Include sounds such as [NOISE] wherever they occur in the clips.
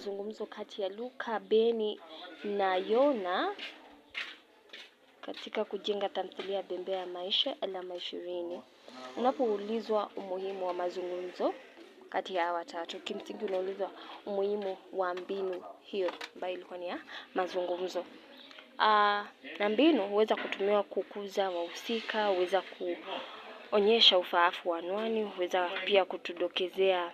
Mazungumzo kati ya Luka, Beni na Yona katika kujenga tamthilia ya Bembea ya Maisha alama ishirini. Unapoulizwa umuhimu wa mazungumzo kati ya watatu, kimsingi unaulizwa umuhimu wa mbinu hiyo ambayo ilikuwa ni ya mazungumzo. Aa, ah, na mbinu huweza kutumiwa kukuza wahusika, huweza kuonyesha ufaafu wa anwani, huweza pia kutudokezea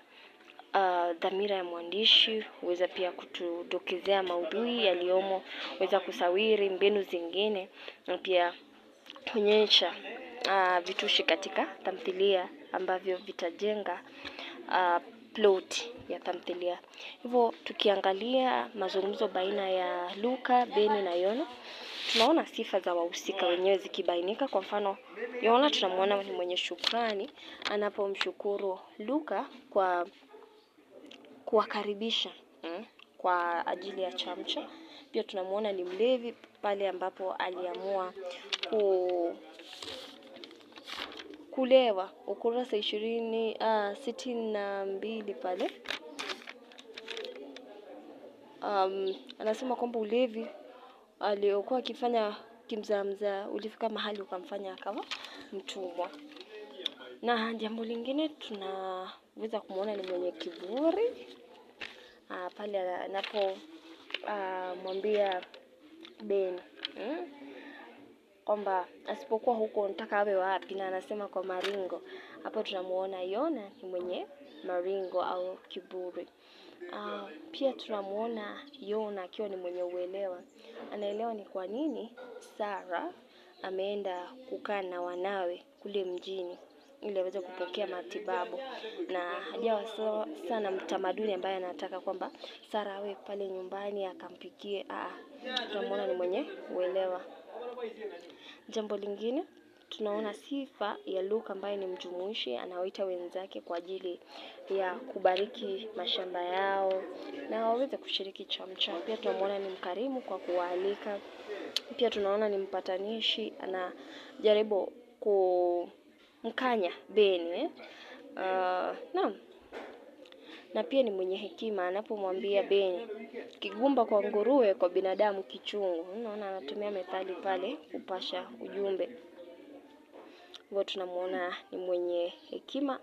Uh, dhamira ya mwandishi, huweza pia kutudokezea maudhui yaliyomo, huweza kusawiri mbinu zingine na pia kuonyesha uh, vitushi katika tamthilia ambavyo vitajenga uh, plot ya tamthilia. Hivyo tukiangalia mazungumzo baina ya Luka, Beni na Yona, tunaona sifa za wahusika wenyewe zikibainika. Kwa mfano, Yona tunamwona ni mwenye shukrani anapomshukuru Luka kwa kuwakaribisha mm, kwa ajili ya chamcha. Pia tunamuona ni mlevi pale ambapo aliamua ku kulewa, ukurasa ishirini ah, sitini na mbili pale um, anasema kwamba ulevi aliokuwa akifanya kimzaamzaa ulifika mahali ukamfanya akawa mtumwa. Na jambo lingine tunaweza kumwona ni mwenye kiburi ah, pale anapo ah, mwambia Ben hmm? kwamba asipokuwa huko nataka awe wapi, na anasema kwa maringo. Hapo tunamuona Yona ni mwenye maringo au kiburi. Uh, pia tunamuona Yona akiwa ni mwenye uelewa, anaelewa ni kwa nini Sara ameenda kukaa na wanawe kule mjini, ili aweze kupokea matibabu, na hajawa sawa sana mtamaduni ambaye anataka kwamba Sara awe pale nyumbani akampikie. Ah, tunamwona ni mwenye uelewa. Jambo lingine tunaona sifa ya Luka ambaye ni mjumuishi, anawaita wenzake kwa ajili ya kubariki mashamba yao na waweze kushiriki chamcha. Pia tunamwona ni mkarimu kwa kuwaalika. Pia tunaona ni mpatanishi, anajaribu ku Mkanya Beni eh? Uh, naam na pia ni mwenye hekima anapomwambia Beni, kigumba kwa nguruwe kwa binadamu kichungu. Unaona, anatumia methali pale kupasha ujumbe. Hivyo tunamuona ni mwenye hekima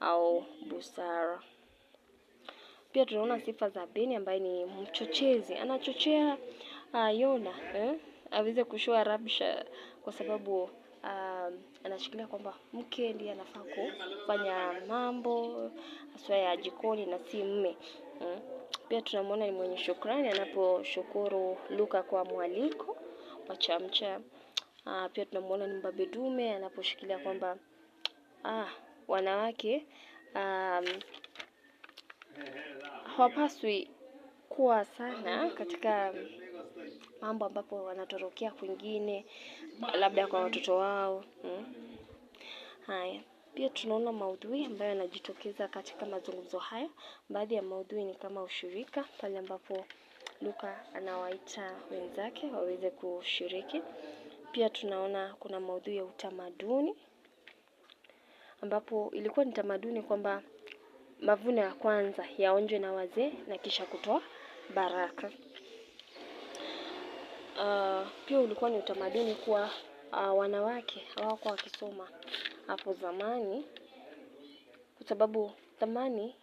au busara. Pia tunaona sifa za Beni ambaye ni mchochezi, anachochea uh, Yona eh? aweze kushua rabsha kwa sababu um, anashikilia kwamba mke ndiye anafaa kufanya mambo haswa ya jikoni na si mme mm. Pia tunamwona ni mwenye shukrani anaposhukuru Luka kwa mwaliko wa chamcha. Uh, pia tunamwona ni mbabe dume anaposhikilia kwamba ah, wanawake um, hawapaswi kuwa sana katika mambo ambapo wanatorokea kwingine labda kwa watoto wao hmm. Haya, pia tunaona maudhui ambayo yanajitokeza katika mazungumzo haya. Baadhi ya maudhui ni kama ushirika, pale ambapo Luka anawaita wenzake waweze kushiriki. Pia tunaona kuna maudhui ya utamaduni, ambapo ilikuwa ni tamaduni kwamba mavuno ya kwanza yaonjwe na wazee na kisha kutoa baraka. Uh, pia ulikuwa ni utamaduni kuwa uh, wanawake hawakuwa wakisoma hapo zamani, kwa sababu thamani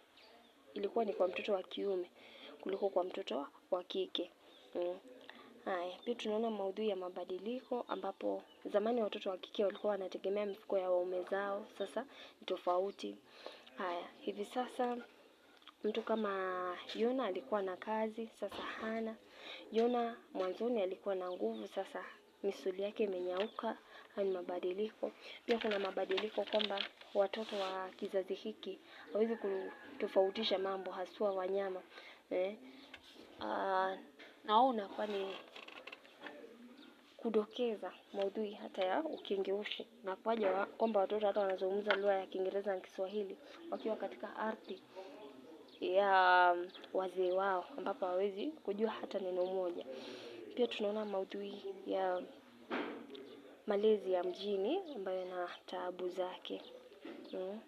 ilikuwa ni kwa mtoto wa kiume kuliko kwa mtoto wa kike mm. Haya, pia tunaona maudhui ya mabadiliko ambapo zamani watoto wa kike walikuwa wanategemea mifuko ya waume zao, sasa ni tofauti. Haya, hivi sasa Mtu kama Yona alikuwa na kazi, sasa hana. Yona mwanzoni alikuwa na nguvu, sasa misuli yake imenyauka. ni mabadiliko. Pia kuna mabadiliko kwamba watoto wa kizazi hiki hawezi kutofautisha mambo, haswa wanyama eh. Ah, na wao kuwa ni kudokeza maudhui hata ya ukengeushi na kuwaja kwamba watoto hata wanazungumza lugha ya Kiingereza na Kiswahili wakiwa katika ardhi ya wazee wao, ambapo hawezi kujua hata neno moja. Pia tunaona maudhui ya malezi ya mjini ambayo na taabu zake. Hmm.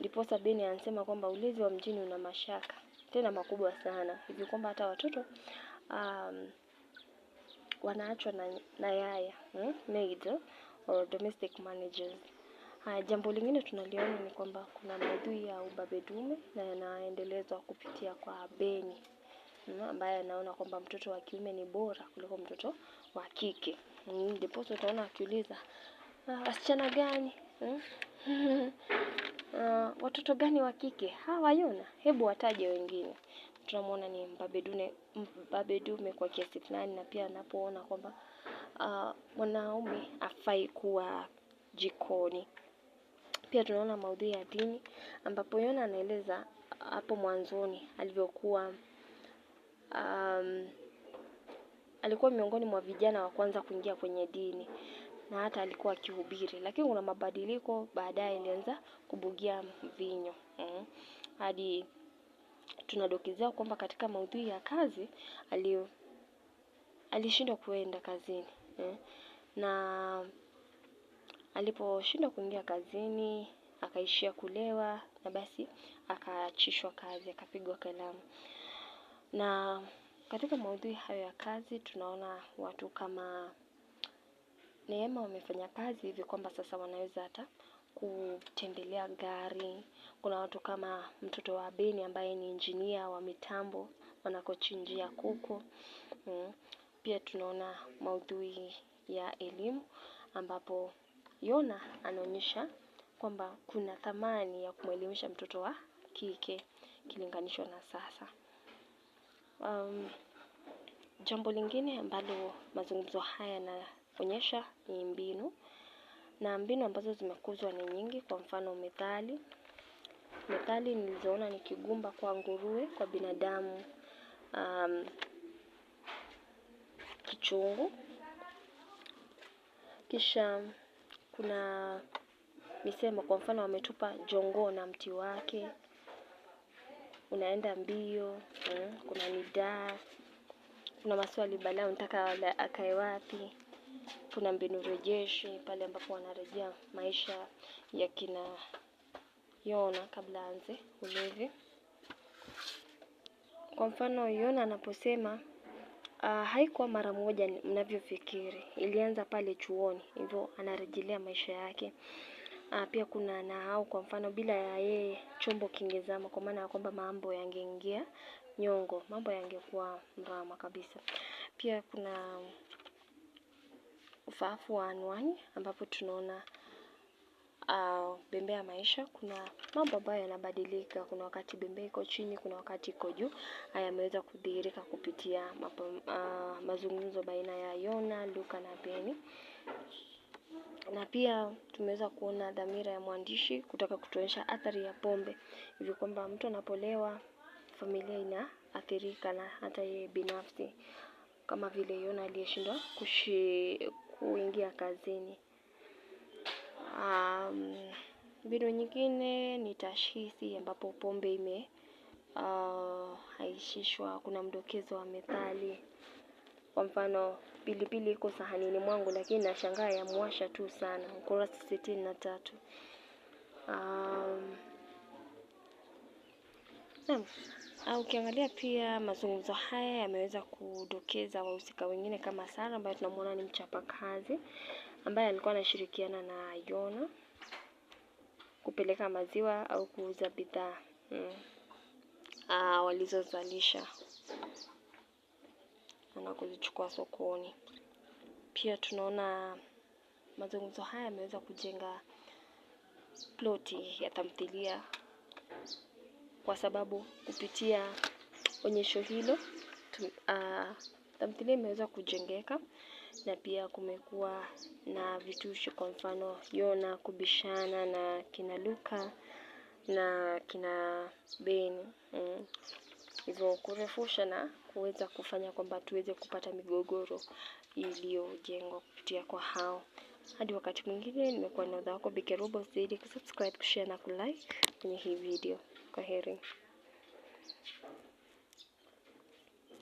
Ndipo Sabini anasema kwamba ulezi wa mjini una mashaka tena makubwa sana, hivi kwamba hata watoto um, wanaachwa na, na yaya hmm? maid or domestic managers jambo lingine tunaliona ni kwamba kuna maudhui ya ubabe dume na yanaendelezwa kupitia kwa Beni ambaye anaona kwamba mtoto wa kiume ni bora kuliko mtoto wa kike. Mm, ndiposa utaona akiuliza ah, wasichana gani Uh, [LAUGHS] watoto gani wa kike hawayona, hebu wataje wengine. Tunamwona ni mbabe dume, mbabe dume kwa kiasi fulani, na pia anapoona kwamba uh, mwanaume afai kuwa jikoni. Pia tunaona maudhui ya dini ambapo Yona anaeleza hapo mwanzoni alivyokuwa um, alikuwa miongoni mwa vijana wa kwanza kuingia kwenye dini na hata alikuwa akihubiri, lakini kuna mabadiliko baadaye, alianza kubugia mvinyo mm, mm-hmm. hadi tunadokezea kwamba katika maudhui ya kazi alio alishindwa kuenda kazini mm, na Aliposhindwa kuingia kazini, akaishia kulewa na basi akaachishwa kazi, akapigwa kalamu. Na katika maudhui hayo ya kazi tunaona watu kama Neema wamefanya kazi hivi kwamba sasa wanaweza hata kutembelea gari. Kuna watu kama mtoto wa Beni ambaye ni injinia wa mitambo wanakochinjia kuku. Mm. Pia tunaona maudhui ya elimu ambapo Yona anaonyesha kwamba kuna thamani ya kumwelimisha mtoto wa kike kilinganishwa na sasa. Um, jambo lingine ambalo mazungumzo haya yanaonyesha ni mbinu, na mbinu ambazo zimekuzwa ni nyingi. Kwa mfano methali, methali nilizoona ni kigumba kwa nguruwe, kwa binadamu um, kichungu. Kisha kuna misemo, kwa mfano wametupa jongoo na mti wake, unaenda mbio mm. Kuna nidaa, kuna maswali balaa, unataka akae wapi? Kuna mbinu rejeshi pale ambapo wanarejea maisha ya kina Yona kabla anze ulevi. Kwa mfano Yona anaposema Ah, haikuwa mara moja mnavyofikiri, ilianza pale chuoni, hivyo anarejelea maisha yake. Ah, pia kuna nahau kwa mfano, bila ya yeye chombo kingezama, kwa maana ya kwamba mambo yangeingia nyongo, mambo yangekuwa mrama kabisa. Pia kuna ufaafu wa anwani ambapo tunaona uh, bembea ya maisha. Kuna mambo ambayo yanabadilika. Kuna wakati bembea iko chini, kuna wakati iko juu. Haya yameweza kudhihirika kupitia mapo, uh, mazungumzo baina ya Yona, Luka na Beni na pia tumeweza kuona dhamira ya mwandishi kutaka kutuonyesha athari ya pombe, hivyo kwamba mtu anapolewa familia inaathirika na hata yeye binafsi, kama vile Yona aliyeshindwa kuingia kazini. Mbinu nyingine ni tashihisi ambapo pombe ime haishishwa kuna mdokezo wa methali. Kwa mfano pilipili iko sahanini mwangu lakini nashangaa yamwasha tu sana. Ukurasa sitini na tatu. Ah, ukiangalia pia mazungumzo haya yameweza kudokeza wahusika wengine kama Sara ambaye tunamwona ni mchapa kazi ambaye alikuwa anashirikiana na Yona kupeleka maziwa au kuuza bidhaa mm, ah, walizozalisha na kuzichukua sokoni. Pia tunaona mazungumzo haya yameweza kujenga ploti ya tamthilia, kwa sababu kupitia onyesho hilo tum, ah, tamthilia imeweza kujengeka na pia kumekuwa na vitushi kwa mfano Yona kubishana na kina Luka na kina Beni mm. Hivyo kurefusha na kuweza kufanya kwamba tuweze kupata migogoro iliyojengwa kupitia kwa hao. Hadi wakati mwingine, nimekuwa nahodha wako Bikerobo, zaidi kusubscribe, kushare na kulike kwenye hii video. Kwa heri.